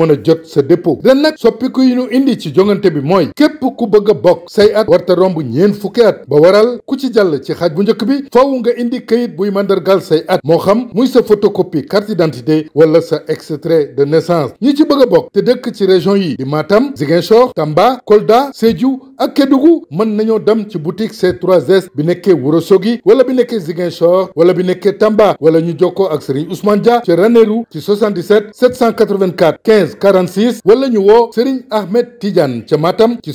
mën jot sa dépôt ren nag soppiku yi ñu indi ci jongante bi mooy képp ku bëgg a bokk say at warta romb ñeen fukki at ba waral ku ci jàll ci xaaj bu njëkk bi faaw nga indi kayit buy mandargal say at moo xam muy sa photocopie carte d'identité wala sa extrait de naissance ñi ci bëgg a bokk te dëkk ci région yi di Matam Ziguinchor Tamba Kolda Sédhiou ak Kédougou mën nañoo dem ci boutique C3S bi nekkee Ourossogui wala bi nekkee Ziguinchor wala bi nekkee Tamba wala ñu jokkoo ak Serigne Ousmane Dia ci Ranérou ci 77 784 15 13 46 wala ñu woo Serigne Ahmed Tidiane ca Matam ci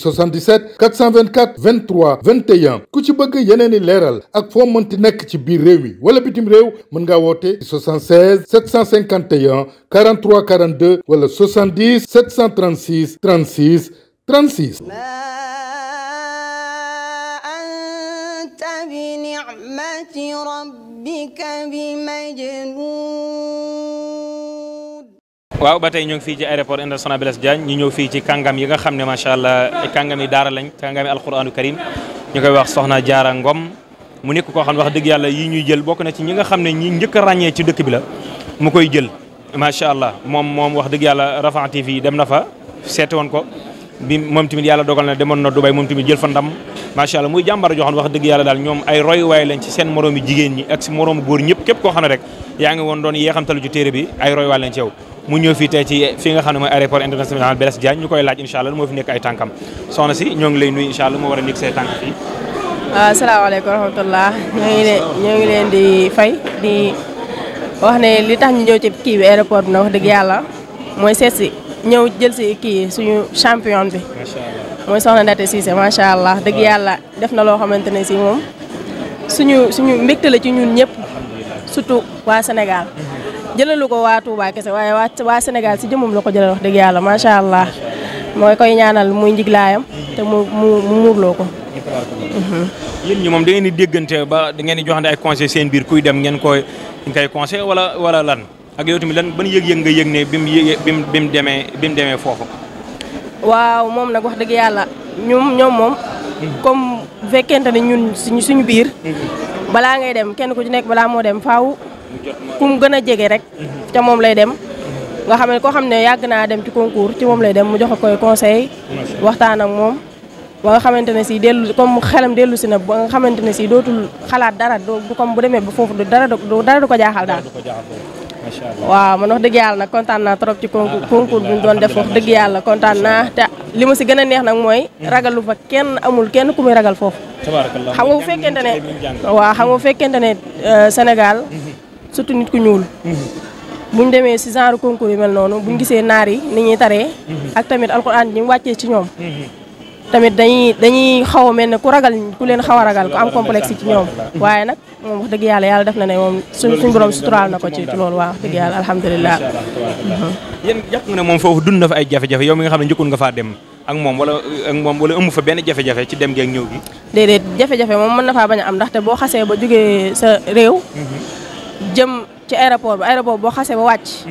ku ci bëgg yeneen i leeral ak foo mënti nekk ci biir réew mi wala bitim réew mën nga woote 76 751 43 42 wala 70 736 36 36. bi ni'mati rabbika bi majnun waaw ba tey ñu ngi fii ci aéroport international Blaise Diagne ñu ñëw fii ci kàngam yi nga xam ne macha allah kàngam yi daara lañ kàngam yi alquranu karim ñu koy wax soxna jaara ngom mu nekk koo xam ne wax dëgg yàlla yi ñuy jël bokk na ci ñi nga xam ne ñi njëkk a ràññee ci dëkk bi la mu koy jël macha allah moom moom wax dëgg yàlla Rafah TV dem na fa seeti woon ko bi moom tamit yàlla dogal na demoon na Dubai moom tamit jël fa ndam macha allah muy jàmbar joxoon wax dëgg yàlla daal ñoom ay roy waay lañ ci seen moroomi jigéen ñi ak si góor ñëpp képp xam ne rek yaa ngi woon doon yee ci téere bi ay roy waay lañ mu ñëw fii tey ci fii nga xam ne mooy aéroport international Blaise Diagne ñu koy laaj incha allah moo fi nekk ay tànkam soxna si ñoo ngi lay nuyu incha allah moo war a nekk say tànk fii. asalaamaaleykum ah, wa rahmatulah ñoo ñoo ngi leen di fay di wax ne li tax ñu ñëw ci kii bi aéroport bi na wax dëgg yàlla mooy seet si ñëw jël si suñu champion bi. mooy soxna Ndaté Cissé macha allah dëgg yàlla def na loo xamante ne si moom suñu suñu mbégte la ci ñun ñëpp surtout waa Sénégal. Mhm. jëlalu ko waa Touba kese waaye waa waa Sénégal si jëmmam la ko jëlal wax dëgg yàlla macha allah mooy koy ñaanal muy njiglaayam te mu mu mu muurloo ko. yéen ñi moom da ngeen di déggante ba da ngeen di joxante ay conseil seen biir kuy dem ngeen koy ngeen koy conseil wala wala lan ak yow tamit lan ban yëg-yëg nga yëg ne bi mu yëg bi mu bi mu demee bi demee foofu. waaw moom nag wax dëgg yàlla ñoom ñoom moom. comme bu fekkente ne ñun suñu suñu biir. Mm-hmm. balaa ngay dem kenn ku ci balaa moo dem faaw. ku mu gën a jege rek ca moom lay dem nga xam ne koo xam ne yàgg naa dem ci concours ci moom lay dem mu joxe koy conseil waxtaan ak moom ba nga xamante ne si dellu comme xelam dellu si na ba nga xamante ne si dootul xalaat dara du comme bu demee ba foofu du dara du ko jaaxal daal waaw man nox dëgg yàlla nag kontaan naa trop ci concours concours bi doon def wax dëgg yàlla kontaan naa te li ma si gën a neex nag mooy ragalu fa kenn amul kenn ku muy ragal foofu xam nga bu fekkente surtout nit ku ñuul. bu buñ demee si genre concours yu mel noonu buñ gisee naar yi nit ñuy taree. ak tamit alxuraan bi ñu wàccee ci ñoom. tamit dañuy dañuy xaw a mel ne ku ragal ku leen xaw a ragal ku am complexe ci ñoom. waaye nag moom wax dëgg yàlla yàlla def na ne moom suñ suñ borom suturaal na ko ci loolu waaw dëgg yàlla alhamdulilah. yéen jàpp nga ne moom foofu dund na fa ay jafe-jafe yow mi nga xam ne njëkkoon nga faa dem ak moom wala ak moom wala ëmb fa benn jafe-jafe ci dem gi ak ñëw gi. déedéet jafe-jafe moom mën na faa bañ a am ndaxte boo xasee ba jógee sa réew. jëm ci aéroport bi aéroport boo xasee ba wàcc.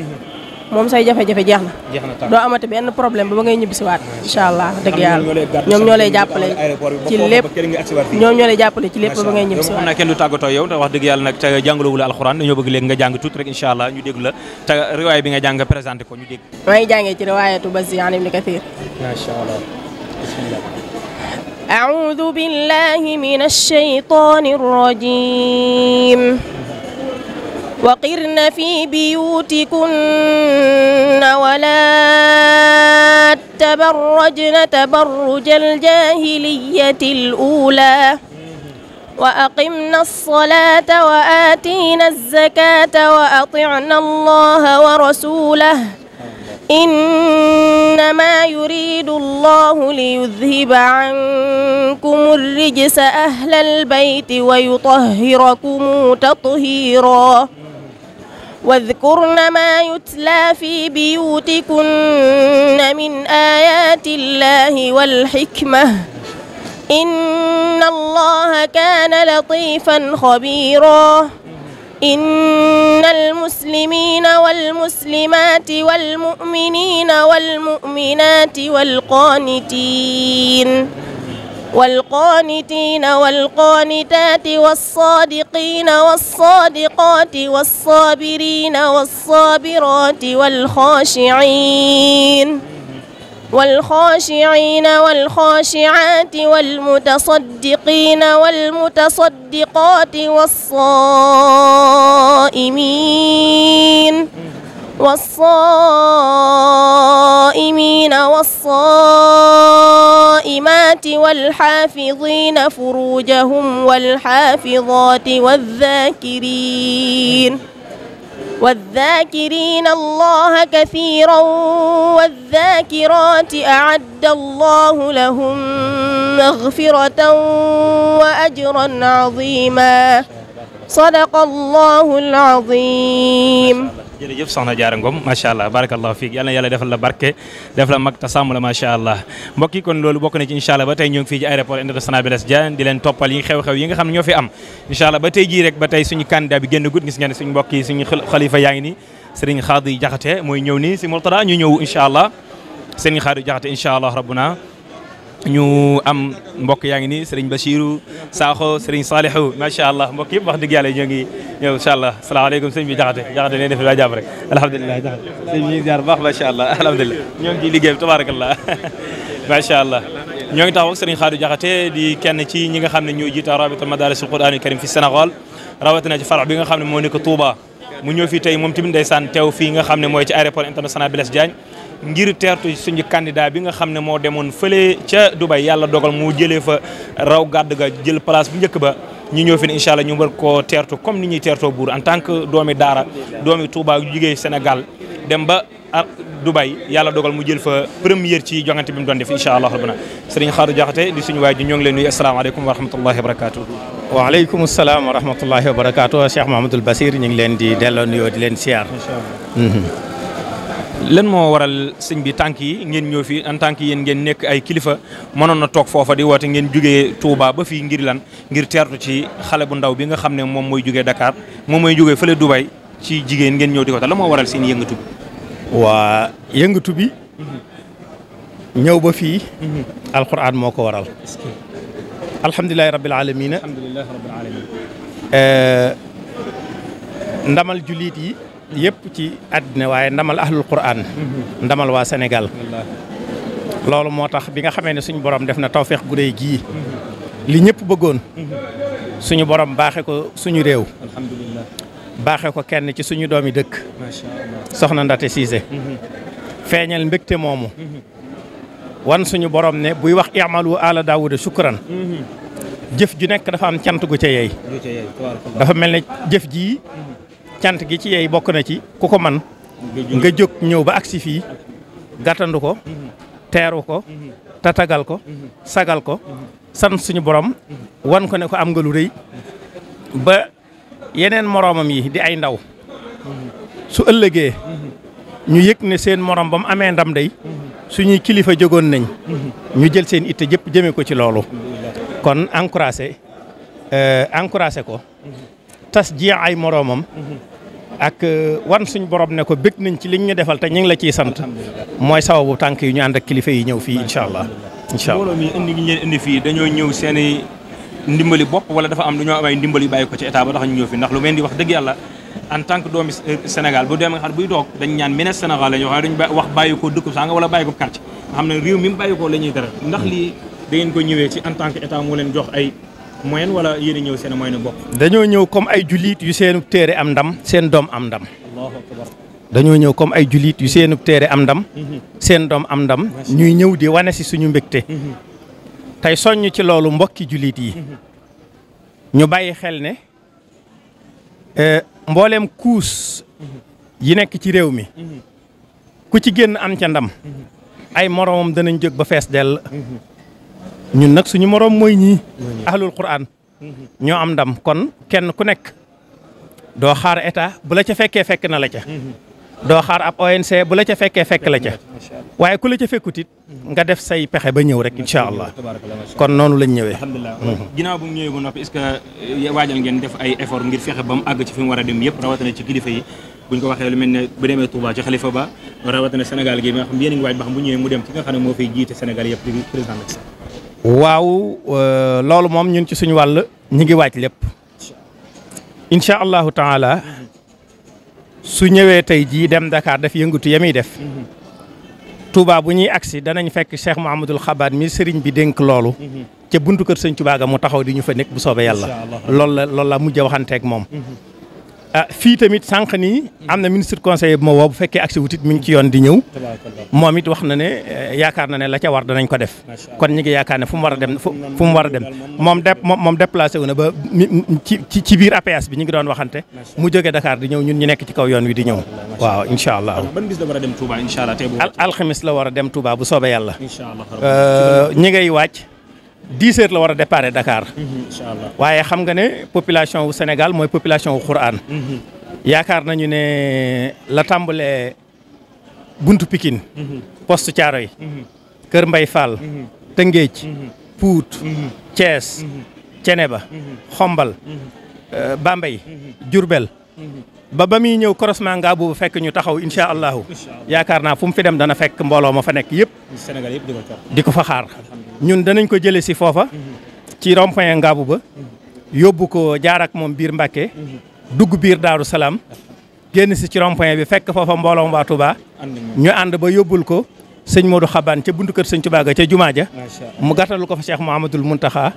moom say jafe-jafe jeex na. jeex na doo amati benn problème ba ba ngay ñibbi si waat. incha allah dëgg yàlla ñoom ñoo lay jàppale ci lépp ñoom ñoo lay jàppale ci lépp ba ngay ñibbi si waat. xam naa kenn du tàggatoo yow te wax dëgg yàlla nag te jàngaloowu la alxuraan dañoo bëgg léegi nga jàng tuuti rek incha allah ñu dégg la te riwaay bi nga jàng nga présenté ko ñu dégg. maa ngi jàngee ci riwaayatu Bazzi an Ibn Kathir. macha allah bismillah. a'uudu billahi minash shaytaani rajiim. وقرن في بيوتكن ولا تبرجن تبرج الجاهلية الأولى وأقمنا الصلاة وآتينا الزكاة وأطعنا الله ورسوله إنما يريد الله ليذهب عنكم الرجس أهل البيت ويطهركم تطهيراً واذكرن ما يتلى في بيوتكن من آيات الله والحكمة إن الله كان لطيفا خبيرا إن المسلمين والمسلمات والمؤمنين والمؤمنات والقانتين والقانتين والقانتات والصادقين والصادقات والصابرين والصابرات والخاشعين والخاشعين والخاشعات والمتصدقين والمتصدقات والصائمين والصائمين والصائمات والحافظين فروجهم والحافظات والذاكرين والذاكرين الله كثيرا والذاكرات أعد الله لهم مغفرة وأجرا عظيما صدق الله العظيم jërëjëf a Diarra Ngom macha allah barakallahu fiik yal na yàlla defal la barke def la mag te sàmm la macha allah mbokk kon loolu bokk na ci incha allah ba tey jii rek ba tey suñu candidat bi génn gudd gis ngeen suñu mbokk yi suñu xalifa yaa ngi nii Serigne Khady Diakhaté mooy ñëw nii si Mourtada ñu ñëw incha allah Serigne Khady Diakhaté incha allah rabbuna ñu am mbokk yaa ngi nii sëriñ Bachirou Sakho sëriñ Salihou macha allah mbokk yëpp wax dëgg yàlla ñoo ngi ñëw incha allah salaamaaleykum sëñ bi jaxate jaxate leen def laa jàpp rek alhamdulilah jaxate sëñ bi ziar baax macha allah alhamdulilah ñoo ngi ciy liggéey bi tabaarakallah macha allah ñoo ngi taxaw ak sëriñ Xaadu jaxate di kenn ci ñi nga xam ne ñoo jiita rabitul madarisul quraanil karim fi Sénégal rawatina ci farax bi nga xam ne moo nekk Touba mu ñëw fii tey moom tamit ndeysaan teew fii nga xam ne mooy ci aéroport international Blaise Diagne ngir teertu suñu kandidaa bi nga xam ne moo demoon fële ca Dubai yàlla dogal mu jëlee fa raw gàdd ga jël place bu njëkk ba ñu ñëw fi incha allah ñu war koo teertu comme ni ñuy teertoo buur en tant que doomi daara doomi Touba yu jugee Sénégal dem ba Dubai yàlla dogal mu jël fa première ci jongante bi mu doon def incha allah rabbana sëriñ Xaadu Jaxate di suñu waay ji ñoo ngi leen nuyu asalaamaaleykum wa rahmatullahi wa barakaatu. waaleykum salaam wa rahmatullahi wa barakaatu Cheikh Mahamadoul Basir ngi leen di delloo nuyoo di leen siyaar. lan moo waral sëñ bi tànk yi ngeen ñëw fii en tant yéen ngeen nekk ay kilifa mënoon na toog foofa di woote ngeen jugee Touba ba fii ngir lan ngir teertu ci xale bu ndaw bi nga xam ne moom mooy jugee Dakar moom mooy jugee fële Dubai ci jigéen ngeen ñëw di ko tax moo waral seen yëngatu bi. bi. Mhm. ñëw ba fii. Mhm. alxuraan moo ko waral. alhamdulilah rabil aalamiina. alhamdulilah rabil eh, ndamal jullit yi. yëpp ci àddina waaye ndamal ahlul quran ndamal waa Sénégal loolu moo tax bi nga xamee ne suñu boroom def na tawféex gu rëy gii li ñëpp bëggoon suñu borom baaxe ko suñu réew alhamdulillah baaxe ko kenn ci suñu doomi dëkk soxna Ndate Cissé feeñal mbégte moomu wan suñu boroom ne buy wax i'malu ala daawuda shukran jëf ju nekk dafa am cant gu ca yeey dafa mel ne jëf jii cant gi ci yey bokk na ci ku ko man nga jóg ñëw ba si fii gàttandu ko teeru ko tatagal ko sagal ko san suñu borom wan ko ne ko am nga lu rëy ba yeneen moroomam yi di ay ndaw su ëllëgee ñu yëg ne seen morom bam amee ndam day suñuy kilifa jógoon nañ ñu jël seen itte jëpp jëmee ko ci loolu kon encouragé euh, encouragé ko tas ji ay moroomam ak euh, wan suñ borom ne ko bég nañ ci liñ ñu defal te ñu ngi la ciy sant mooy sababu tànk yu ñu ànd ak kilifa yi ñëw fii incha allah. incha allah mbooloo mi fii dañoo ñëw seen i ndimbali bopp wala dafa am dañoo am ay ndimbali ko ci état ba tax ñu ñëw fi ndax lu mel di wax dëgg yàlla en tant que doomi euh, Sénégal dañ wax dañu wax bàyyi ko dëkk sanga wala bàyyi ko quartier nga xam ne réew mi mu bàyyi ko la ñuy dara ndax lii da ko ñëwee ci en tant que état moo leen jox ay moyen wala yéen ñëw seen moyen bopp. dañoo ñëw comme ay jullit yu seenu téere am ndam seen doom am ndam. dañoo ñëw comme ay jullit yu seenu téere am ndam. Mhm. seen doom am ndam. ñuy ñëw di wane si suñu mbégte. Mhm. tey soññ ci loolu mbokki jullit yi. Mhm. ñu bàyyi xel ne eh, mboolem kuus yi nekk ci réew mi ku ci génn am ca ndam ay moroomam danañ jóg ba fees dell. ñun nag suñu moroom mooy ñii ahlul quran ñoo am ndam kon kenn ku nekk doo xaar état bu la ca fekkee fekk na la ca mhm. doo xaar ab ONC bu la ca fekkee fekk la ca waaye ku la ca fekkutit nga def say pexe ba ñëw rek incha allah kon noonu lañ ñëwee alhamdulilah mhm. ginnaaw bu mu ñëwee ba noppi est-ce que eh, waajal ngeen def ay effort ngir fexe ba mu àgg ci fi mu war a dem yëpp rawatina ci kilifa yi buñ ko waxee mel ne bu demee Touba ci xalifa ba rawatina Sénégal gi nga xam yéen a ngi ñëwee mu dem ci nga xam ne moo fiy yëpp di waaw euh, loolu moom ñun ci suñu wàll ñu ngi waaj lépp incha allahu taala su ñëwee tey jii dem Dakar def yëngatu ya muy def Touba bu ñuy agsi danañ fekk Cheikh Mouhamadul Xabaat mi sëriñ bi denk loolu mhm. ca buntu kër sëñ Touba mu taxaw di ñu fa nekk bu soobee yàlla loolu la loolu la mujj waxanteeg moom mhm. ah fii tamit sànq nii am na ministre conseiller bu ma woo bu fekkee accès wutit mi ngi ci yoon di ñëw moom it wax na ne eh, yaakaar na ne la war danañ ko def kon ñu ngi yaakaar ne fu mu war a dem fu mu war a dem moom de moom déplacé ba ci ci biir APS bi ñu ngi doon waxante mu jógee Dakar di ñëw ñun ñu nekk ci kaw yoon wi di ñëw waaw incha allah ban la war a dem Touba la war a dem Touba bu soobee yàlla euh, ñi ngay dix heures la war a départ Dakar. Mhm, waaye xam nga ne population wu Sénégal mooy population wu Xuraan. Mhm. yaakaar nañu ne la tàmbalee buntu Pikine. Mhm. poste Thiaroye. Kër Mbay Fall. Tëngéej. Pout. Thiès. Ceneba. Xombal. Euh, Bambey. Diourbel. ba ba muy ñëw croisement nga boobu fekk ñu taxaw incha allahu. yaakaar naa fu mu fi dem dana fekk mbooloo ma fa nekk yëpp. Sénégal yëpp di ko fa xaar. ñun danañ ko jëlee si foofa ci rond-point ba yóbbu ko jaar ak moom biir Mbàkke dugg biir Daaru Salaam génn si ci rond-point bi fekk foofa mbooloom waa Touba ñu ànd ba yóbbul ko sëñ Modou Xabaan ca buntu kër sëñ Touba ga ca jumaa ja mu gàttalu ko fa Cheikh Mouhamadoul Mountakha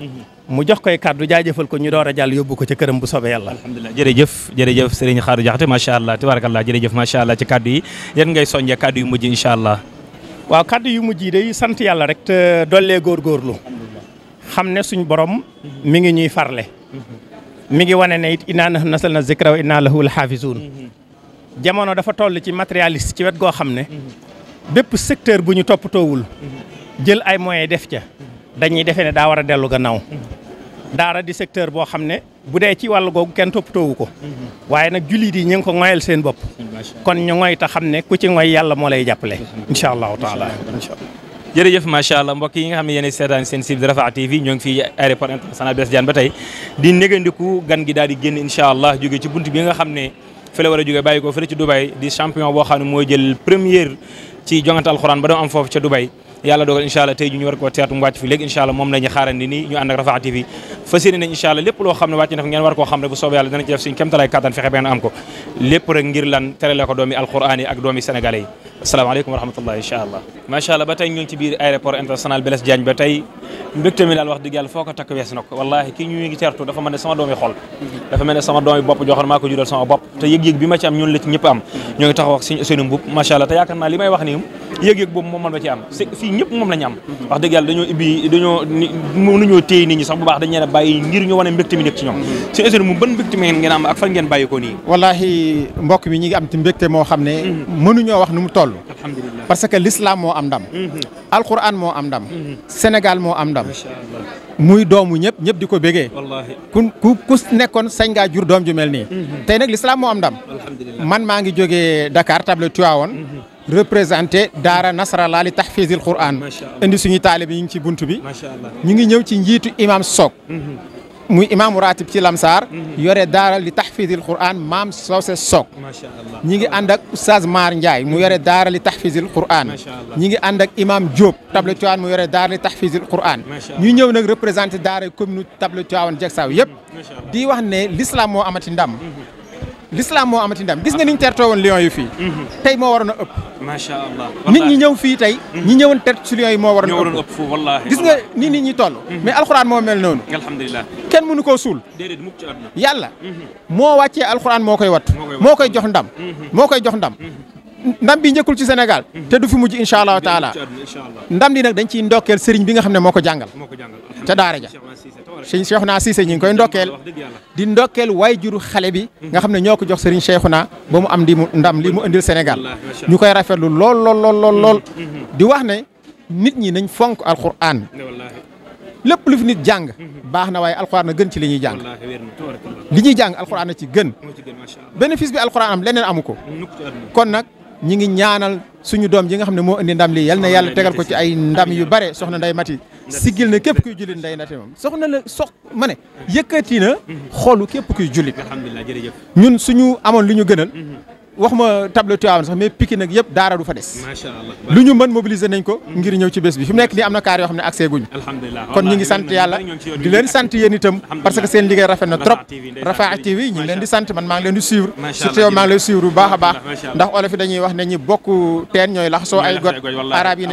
mu jox koy kàddu jaajëfal ko ñu door a jàll yóbbu ko ca këram bu soobee yàlla alhamdulilah jërëjëf jërëjëf sëriñ Xaaru Jaxate macha allah tabarakallah jërëjëf macha allah ci kàddu yi yan ngay soññee kàddu yu waaw kàddu yu mujj yi day sant yàlla rek te dollee góorgóorlu xam ne suñ borom mi ngi ñuy farle mi ngi wane ne it innaa nahnu nazzalna zikra wa innaa lahu lahaafizuun jamono dafa toll ci matérialiste ci wet goo xam ne bépp secteur bu ñu toppatoowul jël ay moyens def ca dañuy defee ne daa war a dellu gannaaw daara di secteur boo xam ne bu dee ci wàll googu kenn toppatoowu ko waaye nag jullit yi ñun ko ngoyal seen bopp kon ñu ngoy ta xam ne ku ci ngoy yàlla moo lay jàppale incha allahu taala incha allah jërëjëf macha allah mbokk yi nga xam ne yéen seetaan seen site bi Rafah TV ñoo ngi fii aéroport sana Blaise Diagne ba tey di négandiku gan gi daal di génn allah jóge ci bunt bi nga xam ne fi la war a jóge bàyyi ko fële ci Dubai di champion boo xam ne mooy jël première ci jongante alxuraan ba doon am foofu ca Dubai yàlla dogal incha tey ji ñu war koo teetu fi léegi incha moom la ñu xaarandi nii ñu ànd ak Rafah TV fas yéene nañ loo xam ne wàcc na fa ngeen war koo xam ne bu soobee yàlla dana ci def suñ kémtalaay kattan fexe benn am ko lépp rek ngir lan terale ko doomi alquran ak doomi sénégalais yi asalaamaaleykum wa rahmatullahi incha allah ba tey ñu ci biir aéroport international Blaise Diagne ba tey mbégte mi daal wax dëgg yàlla takk wees na ko a mbokk mi ñi am ci mbégte moo xam ne mm-hmm. mënuñoo wax nu mu toll parce que l'islam moo am ndam mhm. alquran moo am ndam mhm. Sénégal moo am ndam muy doomu ñëpp ñëpp di ko bégee ku nekkoon sañ ngaa jur doom ju mel ni mhm. tey nag l'islam moo am ndam man maa ngi jógee Dakar table Tivaouane représenté daara nasrallah li tahfizil quran indi suñu taalib yi ñu ci bunt bi ñu ngi ñëw ci njiitu imam Sock muy imaamu ratib ci Lamsaar. yore daara li taxfisil Qur'an maam Socé Sock. macha allah ñi ngi ànd ak Oustaz Mar mu yore daara li taxfisil Qur'an. macha allah ñi ngi ànd ak imaam Diop. Table aan mu yore daara li taxfisil Qur'an. ñu ñëw nag représenté daara commune Table Tivaouane Diegsaw yëpp. di wax ne l'islam moo amati ndam. Mhm. lislaam moo amatindam gis nga niñ ñu tertoo woon lions yi fii tey moo waroon a ëpp macha nit ñi ñëw fii tey ñi ñëwoon tert ci lions yi moo waroon a ëpp gis nga ni nit ñi toll mhm. mais alxuraan moo mel noonu alhamdulilah kenn mënu koo suul déedéet mukk ci mhm. moo wàccee alxuraan moo koy watt moo koy jox ndam moo koy jox ndam mhm. ndam bi njëkkul ci Sénégal te du fi mujj incha allahu taala ndam li nag dañ ciy ndokkeel sëriñ bi nga xam ne moo ko jàngal ca daara ja sëriñ Cheikhouna Cissé ñi ngi koy ndokkeel di ndokkeel waay xale bi nga xam ne ñoo ko jox sëriñ Cheikhouna ba mu am di mu ndam li mu indil Sénégal ñu koy rafetlu lool lool lool lool lool mm-hmm, mm-hmm. di wax ne nit ñi nañ fonk al alquran lépp lu fi nit jàng mm-hmm. baax na waaye alxuraan na gën ci li ñuy jàng li ñuy jàng alxuraan na ci gën bénéfice bi alxuraan am leneen amu ko ñi ngi ñaanal suñu doom ji nga xam ne moo indi ndam li yal na yàlla tegal ko ci ay ndam yu bare soxna nday mati siggil na képp kuy jullit nday nati moom soxna la sox ma ne yëkkati na mm-hmm. xoolu képp kuy jullit ñun suñu amoon li ñu gënal mm-hmm. waxuma table Tivaouane sax mais Pikine nag yëpp daara du fa des. macha allah lu ñu mën mobiliser nañ ko. ngir ñëw ci bés bi fi mu nekk nii am na kaar yoo xam ne accès guñu. alhamdulilah kon ñu ngi sant yàlla di leen sant yéen itam. parce que seen liggéey rafet na trop. Rafah TV ñu leen di sant man maa leen di suivre. surtout yow maa ngi lay suivre bu baax a baax. ndax olof yi wax ne ñi bokk teen ñooy laxasoo ay got. arab yi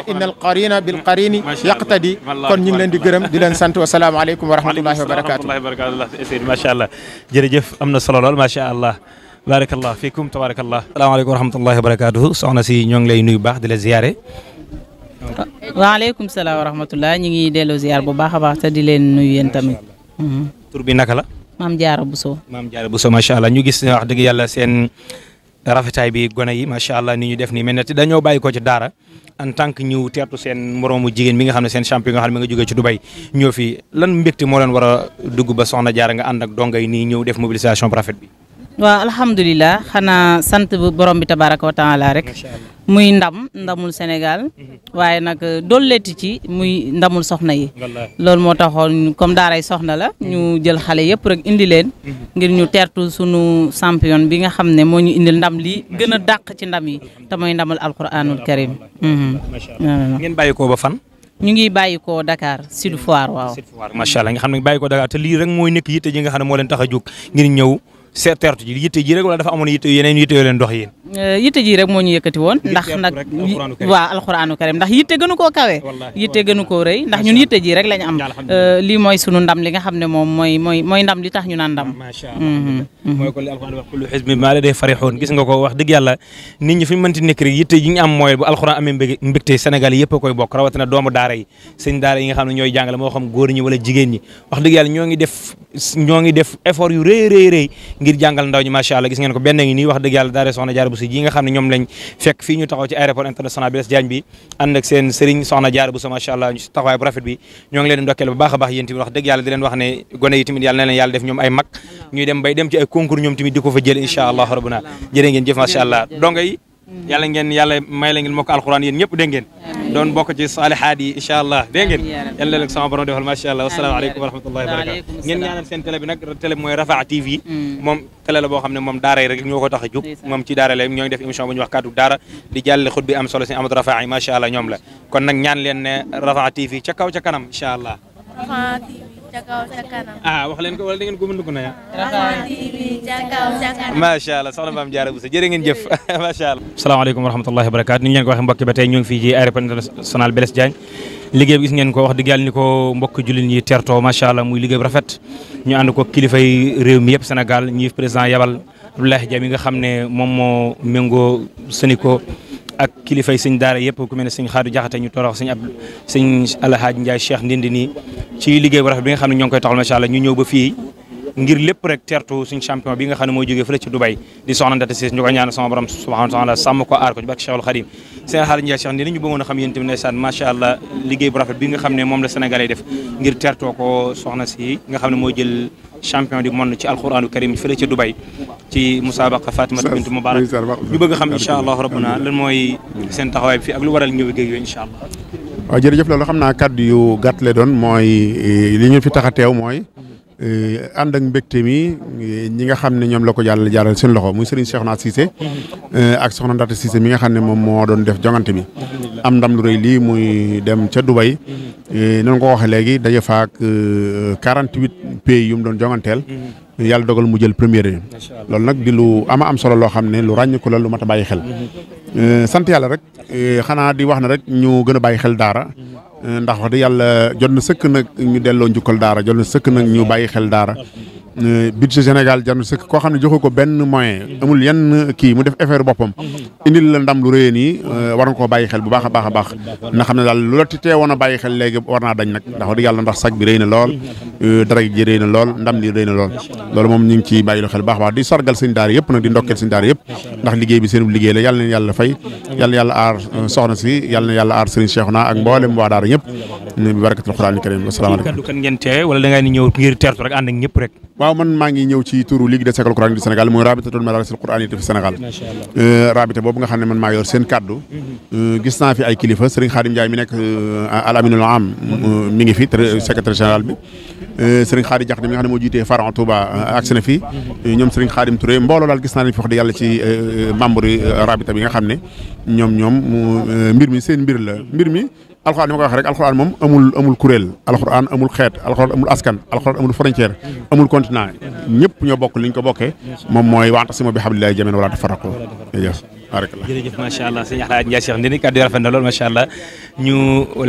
ne bil qarini yaqtadi kon ñu leen di gërëm di leen sant wa salaamu aleykum wa rahmatullahi wa barakaatu. macha allah am na solo lool macha allah baarakallah fiikum tabaarakallah. salaamaaleykum wa rahmatullahi wa barakaatuhu soxna si ñoo ngi lay nuyu baax di la ziyaare. waaleykum salaam wa rahmatullah ñu ngi delloo ziyaar bu baax a baax te di leen nuyu yéen tamit. Mhm. tur bi naka la. maam Diarra Bousso. maam Diarra Bousso macha allah ñu gis wax dëgg yàlla seen rafetaay bi gone yi macha allah ni ñu def nii mel na dañoo bàyyi ko ci daara en tant ñu teertu seen moroomu jigéen mi nga xam ne seen champion nga xam ne mi nga jógee ci Dubai ñoo fi lan mbégte moo leen war a dugg ba soxna Diarra nga ànd ak donga yi nii ñëw def mobilisation bu rafet bi. waaw alhamdulilah xanaa sant borom bi tabaraka wa taala rek muy ndam ndamul Sénégal mhm. waaye nag dolleeti ci muy ndamul soxna yi loolu moo taxoon comme daaray soxna la ñu mhm. jël xale yëpp rek indi leen mhm. ngir ñu teertu sunu champion bi nga xam ne moo ñu indil ndam li gën a dàq ci ndam yi te mooy ndamul alquranul karim ngeen bàyyi fan ñu ngi bàyyi ko Dakar Sud Foire waaw Sud Foire xam ne bàyyi ko Dakar te lii rek mooy nekk yitte ji nga xam ne moo leen tax a jóg ngir ñëw seeteertu ji yitte ji rek wala dafa amoon yitte yeneen yitte yoo leen dox yéen eh, yitte ji rek moo ñu yëkkati woon ndax nag waaw alxuraanu karim ndax koo kawe yitte gënu koo rëy ndax ñun yitte ji rek lañ am eh, lii mooy sunu ndam li nga xam ne moom mooy mooy mooy ndam li tax ñu mhm, mhm. la dee farixoon gis nga a koy bokk rawatina doomu daara yi yi ñooy jàngale moo xam góor ñi wala jigéen ñi wax dëgg yàlla ñoo def ñoo yu rëy rëy rëy ngir jàngal ndaw ñi macha allah gis ngeen ko benn ngi nii wax dëgg yàlla soxna jaara buso ji xam ne ñoom lañ fekk fii ñu taxaw ci aéroport international Blaise Diagne bi ànd ak seen soxna jaara buso macha allah taxawaay bu rafet bi ñoo ngi leen ndokkeel baax a baax yéen tamit wax dëgg yàlla di leen ne gone yi def ñoom ay mag ñuy dem bay dem ci ay concours ñoom tamit di ko fa jël incha allah rabbuna Mm-hmm. yàlla ngeen yàlla may la ngeen mokk alxuraan yéen ñëpp dégg ngeen doon bokk ci saalihaat yi incha allah dégg ngeen yàlla leen sama borom defal macha allah wasalaamaaleykum wa rahmatullahi wa barakatu ngeen ñaanal seen télé bi nag télé bi mooy Rafa TV mm. moom télé la boo xam ne moom daara yi rek ñoo ko tax a jug moom ci daara la ñoo ngi def émission bu ñu wax kaddu daara di jàllale xut bi am solo si Amadou Rafa yi macha allah ñoom la kon nag ñaan leen ne Rafa TV ca kaw ca kanam incha allah ca kaw wax leen ko wala ngeen ko mën na ya. macha allah soxna maam Diarra Bousso jërë ngeen jëf macha allah. salaamaaleykum wa rahmatullahi wa barakaatu ni ñu leen ko waxee mbokki ba tey ñoo ngi fii ci aéroport international Blaise Diagne liggéey bi gis ngeen ko wax dëgg yàlla ni ko mbokk jullit ñi tertoo macha allah muy liggéey bu rafet ñu ànd ko kilifay réew mi yëpp senegal ñi président yabal Abdoulaye Dia mi nga xam ne moom moo méngoo Sénico ak kilifay sëñ daara yëpp ku mel ne sëñ torox sëñ ab sëñ alhaaj ndindi nii ci liggéey bu rafet nga xam ne wa taala sàmm ko aar ko a moom la sénégalais def ngir teertoo ko soxna si nga xam ne mooy jël champion du monde ci alquranu karim fële ca Dubai ci musaabaqa Fatimata bint Mubarak ñu bëgg xam incha allah rabbuna lan mooy seen taxawaay bi fii ak lu waral ñëw géej yooyu incha allah. waaw jërëjëf loolu xam naa kàddu yu gàtt le doon mooy eh, li ñu fi tax a teew mooy Euh, ànd ak mbégte mi ñi nga xam ne ñoom la ko jàll jaaral seen loxo muy Serigne Cheikhouna Cissé euh, ak Soxna Ndata Cissé mi nga xam ne moom moo doon def jongante bi am ndam lu rëy lii muy dem ca Dubai euh, noonu ko waxee léegi daje faak 48 pays yu mu doon jonganteel yàlla dogal mu jël première yi loolu nag di lu ama am solo loo xam ne lu ràññiku la lu mat a bàyyi xel mhm. sant yàlla rek xanaa di wax na rek ñu gën a bàyyi xel daara mhm. ndax wax dëgg yàlla jot na sëkk nag ñu delloo njukkal daara jot sëkk nag ñu bàyyi xel daara si euh, Sénégal jar na sëkk koo xam ne joxu ko benn moyen amul yenn kii mu def effort boppam indil la ndam lu rëyee nii euh, war nga koo bàyyi xel bu baax a baax a baax na xam ne daal lu la ti teewoon a bàyyi xel léegi war naa dañ nag ndax wax dëgg yàlla ndax sag bi rëy na lool euh, dara ji rëy na lool ndam li rëy na lool loolu moom ñu ngi ciy bàyyi xel baax a baax di sargal yëpp nag di ndokkeel seen daara yëpp ndax liggéey bi seen liggéey la yàlla na yàlla fay yàlla na yàlla aar soxna si yàlla na yàlla aar Serigne Cheikhouna ak mboolem waa daara ñëpp ñu bi barakatul xuraan karim asalaamaaleykum kaddu kan ngeen teewe wala da ngaa ni ñëw ngir teertu rek ànd ak ñëpp rek waaw man maa ngi ñëw ci turu ligue de secole coranique du Sénégal mooy rabitatul madarisil quraaniyya fi Sénégal euh, rabita boobu nga xam ne man maa yor seen kaddu mhm. euh, gis naa fi ay kilifa Serigne Khadim Ndiaye mi nekk euh, al aminul mi ngi fi secrétaire général bi Serigne Khadim Diakhaté mi nga ne moo jiitee Faran Touba ak na fi mhm. ñoom Serigne Khadim Touré mbooloo daal gis naa leen fi wax dëgg yàlla ci rabita bi nga xam ne ñoom ñoom mbir mi seen mbir la mbir mi alxuraan li ma ko wax rek alxuraan moom amul amul kuréel alxuraan amul xeet alxuraan amul askan alxuraan amul frontière amul continent ñëpp ñoo bokk li ñu ko bokkee moom mooy wa'tasimu bi hablillahi bi wala tafarraqu jërëjëf barakallah jërëjëf macha allah sëñ Alaaji Ndiaye Cheikh Ndindi kàddu yi rafet na lool macha ñu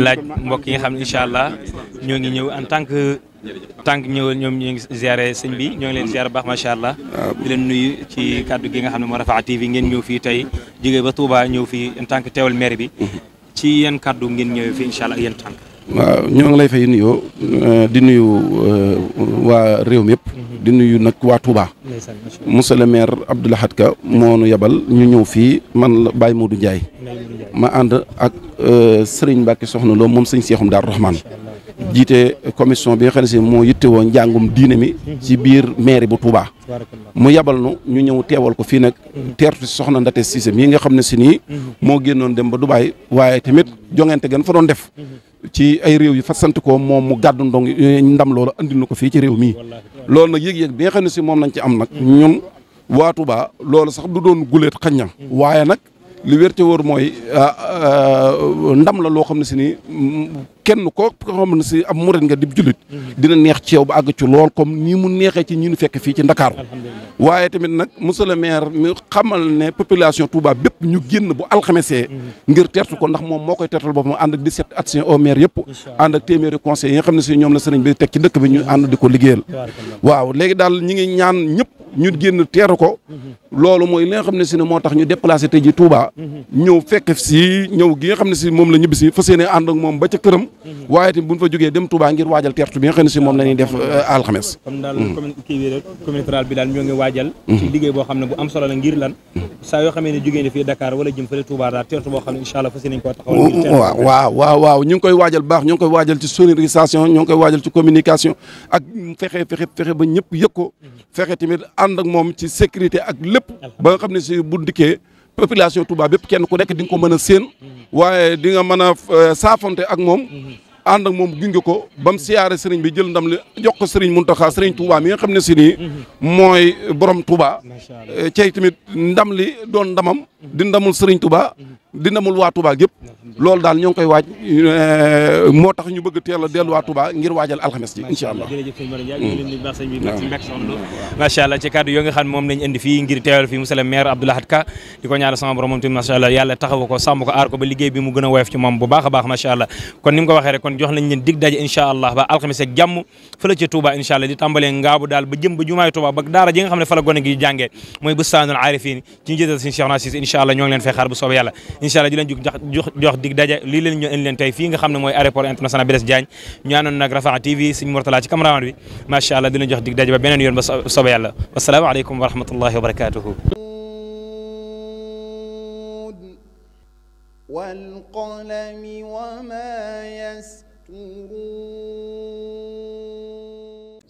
laaj mbokk yi nga xam ne allah ñoo ngi ñëw en tant que tànk ñëw ñoom ñu ngi ziare sëñ bi ñoo ngi leen ziare baax macha allah di leen nuyu ci kàddu gi nga xam ne moo Rafah TV ngeen ñëw fii tey jógee ba Touba ñëw fii en tant que teewal maire bi ci yenn kàddu ngeen ñëwee fi incha allah yenn tànk. waaw ñoo ngi lay fay nuyoo euh, di nuyu euh, waa réew mi yëpp. Mhm. di nuyu nag waa Touba. monsieur le maire Abdou Lahad Ka moo nu yebal ñu ñëw fii man la moo du Ndiaye. ma ànd ak euh, Serigne Mbacke soxna loo moom sëñ Seexum Daaru Rahmaan jiite commission bi nga xam ne si moo yittewoo njàngum diine mi ci biir mairie bu Touba mu yabal nu ñu ñëw teewal ko fii nag teertu soxna Ndate Cissé mii nga xam ne si nii moo génnoon dem ba Dubaay waaye tamit jongante gën fa doon def ci ay réew yi fa sant ko moom mu gàddu ndong ndam loolu andil na ko fii ci réew mii loolu nag yéeg yéeg bi nga xam ne si moom lañ ci am nag ñun waatu Touba loolu sax du doon guleet xañ na waaye nag li wér mooy ah, ah, ndam la loo xam ne si ni kenn koo xam ne si ab murit nga dib jullit mhm. dina neex ci yow ba àgg ci lool comme nii mu neexee ci ñi ñu fekk fii ci Ndakaaru waaye tamit nag monsieur le maire mi xamal ne population Touba bépp ñu génn bu alxamesee mhm. ngir tertu ko ndax moom moo koy tertal boppam ànd ak set adjoints au maire yëpp ànd ak téeméeri conseil yi xam ne si ñoom la sëriñ bi teg ci dëkk bi ñu ànd di ko liggéeyal waaw léegi daal ñi ngi ñaan ñëpp ñu génn teeru ko loolu mooy li nga xam ne si ne moo tax ñu déplacé tey ji Touba ñëw fekk si ñëw gi nga xam ne si moom la ñibbisi fas yéene ànd ak moom ba ca këram waaye tamit bu ñu fa jógee dem Touba ngir waajal teertu bi nga xam ne si moom la ñuy def euh, alxames comme daal communauté rurale mm-hmm. boo xam ne bu am solo la ngir lan saa yoo xamee ne jógee ne fii Dakar wala jëm fële Touba daal teertu boo xam ne incha allah fas yéene ko taxawal waaw waaw waaw waaw ñu ngi koy waajal baax ñu ngi koy waajal ci sonorisation ñu ngi koy waajal communication ak fexe fexe ba ñëpp yëg ko mm-hmm. fexe tamit ànd ak moom ci sécurité ak lépp ba nga xam ne si bu ndikkee population Touba bépp kenn ku nekk di nga ko mën a séen waaye di nga mën a euh, saafonte ak moom ànd ak moom gunge ko ba mu siyaare sëriñ bi jël ndam li jox ko sëriñ Muntaxa sëriñ Touba mi nga xam ne si ni mooy borom Touba euh, cey tamit ndam li doon ndamam di ndamul sëriñ tuba dina mul waa Touba gépp loolu daal ñoo ngi koy waaj euh, moo tax ñu bëgg teel a waa Touba ngir waajal alxames ji incha allah moom lañ indi fii ngir teewal fii monsieur le maire Abdou Lahad Ka di ko ñaanal sama a woyof ci a baax leen dig la bu soobee yàlla incha allah di leen jox jox dig daje lii leen ñu indi leen tey fii nga xam ne mooy aéroport international Blaise Diagne ñu àndoon nag Rafah TV suñu Mourtala ci cameraman bi macha allah di leen jox dig daje ba beneen yoon ba soobee yàlla wasalaamaaleykum wa rahmatullahi wa barakatuhu والقلم وما يسطرون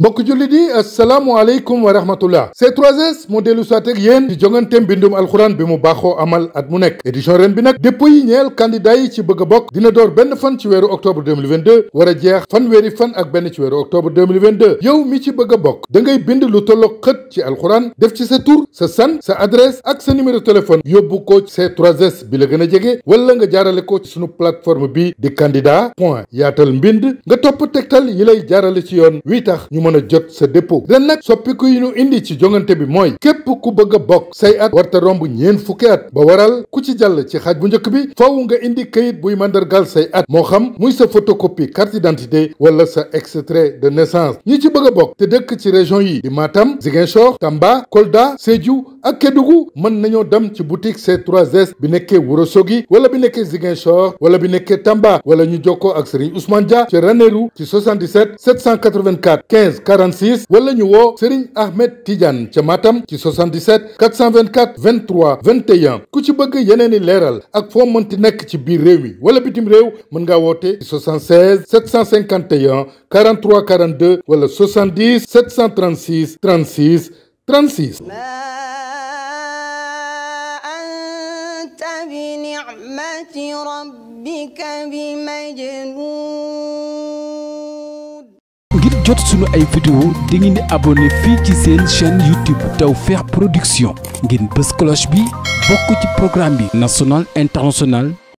mbokk jullit yi asalaamualeykum wa rahmatullah C3S moo dellu soit ak yéen ci jongante mbindum alxuraan bi mu baaxoo amal at mu nekk édition ren bi nag dépôt yi ñeel candidat yi ci bëgg a bokk dina door benn fan ci weeru octobre 2022 war a jeex fanweeri fan ak benn ci weeru octobre 2022 yow mi ci bëgg a bokk dangay bind lu tolloog xët ci alxuraan def ci sa tur sa san sa adresse ak sa numéro téléphone yóbbu ko c 3 bi la gën a jege wala nga jaarale ko ci sunu plateforme bi di candidat point yaatal mbind nga topp tegtal yi lay jaarale ci yoon wii tax mën a jot sa dépôt ren nag soppiku yi ñu indi ci jongante bi mooy képp ku bëgg a bokk say at warta romb ñeen fukki at ba waral ku ci jàll ci xaaj bu njëkk bi faaw nga indi kayit buy mandargal say at moo xam muy sa photocopie carte d'identité wala sa extrait de naissance ñi ci bëgg a bokk te dëkk ci région yi di Matam Ziguinchor Tamba Kolda Sédhiou ak Kédougou mën nañoo dem ci boutique C3S bi nekkee Ourossogui wala bi nekkee Ziguinchor wala bi nekkee Tamba wala ñu 76 wala ñu woo Serigne Ahmed Tidiane ca Matam ci 77 424 23 21 ku ci bëgg yeneen i leeral ak foo mënti nekk ci biir réew mi wala bitim réew mën ngaa woote 76 751 43 42 wala 70 736 36 36. bi ni'mati rabbika bi majnun jot suñu ay vidéo da ngeen di abonné fii ci seen chaîne YouTube Tawfekh Production ngir bës cloche bi bokk ci programme bi national international